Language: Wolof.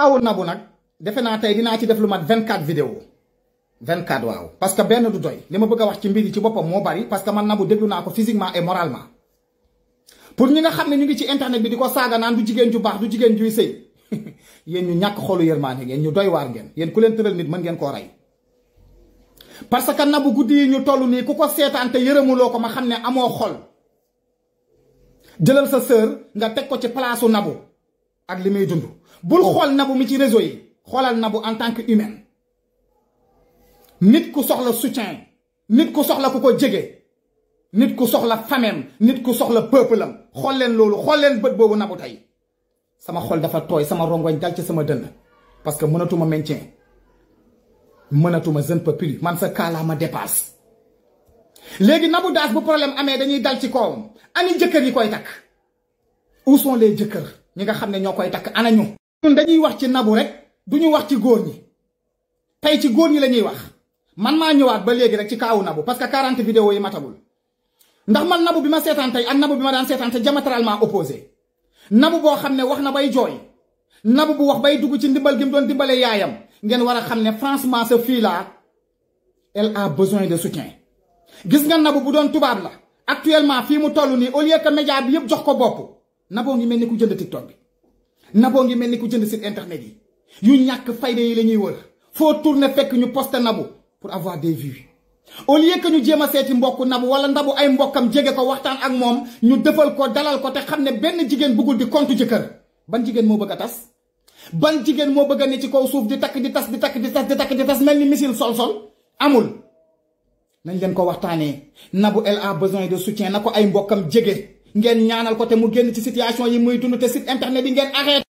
aw nabu nag defe naa tey dinaa ci def lu mat 24 vidéo 24 waaw parce que benn du doy li ma bëgg wax ci mbir yi ci boppam moo bari parce que man nabu déglu naa ko physiquement et moralement pour ñi nga xam ne ñu ngi ci internet bi di ko saaga naan du jigéen ju baax du jigéen juy sëy yéen ñu ñàkk xolu yërmaane ngeen ñu doy waar ngeen yéen ku leen tëral nit mën ngeen koo rey parce que nabu guddi yi ñu toll nii ku ko seetaan te yërëmuloo ko ma xam ne amoo xol sa sœur nga teg ko ci palaasu nabu ak li muy dund bul xool na nabu mi ci réseau yi xoolal nabu en tant que humain nit ku soxla soutien nit ku soxla ku ko jege nit ku soxla fameem nit ku soxla peuple am xool leen loolu xool leen bët boobu nabu tey sama xool dafa tooy sama rongoñ dal ci sama dënn parce que mënatuma maintien mënatuma jeune peuple man sa kaalaa ma dépasse léegi bu daas bu problème amee dañuy dal ci kawam ani jëkkër yi koy takk où sont les jëkkër ñi nga xam ne ñoo koy takk ana ñu ñun dañuy wax ci nabu rek duñu wax ci góor ñi tey ci góor ñi la ñuy wax man maa ñëwaat ba léegi rek ci kaawu nabu parce que 40 vidéo yi matagul ndax man nabu bi ma seetaan tey ak nabu bi ma daan seetaan tey diamétralement opposé nabu boo xam ne wax na bay jooy nabu bu wax bay dugg ci ndimbal gi mu doon dimbalee yaayam ngeen war a xam ne franchement ce fille là elle a besoin de soutien gis nga nabu bu doon tubaab la actuellement fii mu toll nii au lieu que média bi yëpp jox ko bopp naboo ngi mel ni ku jënd tiktok bi. naboo ngi mel ni ku jënd site internet yi yu ñàkk fayda yi la ñuy wër foo tourné fekk ñu poste nabu pour avoir des vues au lieu que ñu jéem a seeti mbokk nabu wala ndabu ay mbokkam jege ko waxtaan ak moom ñu defal ko dalal ko te xam ne benn jigéen bëggul di kontu jëkkër ban jigéen moo bëgg a tas ban jigéen moo bëgg a ne ci kaw suuf di takk di tas di takk di tas di takk di tas mel ni missile sol-sol amul nañ leen ko waxtaanee nabu l a besoin de soutien na ko ay mbokkam jege ngeen ñaanal ko te mu génn ci situation yi muy dund te site internet bi ngeen arrêté.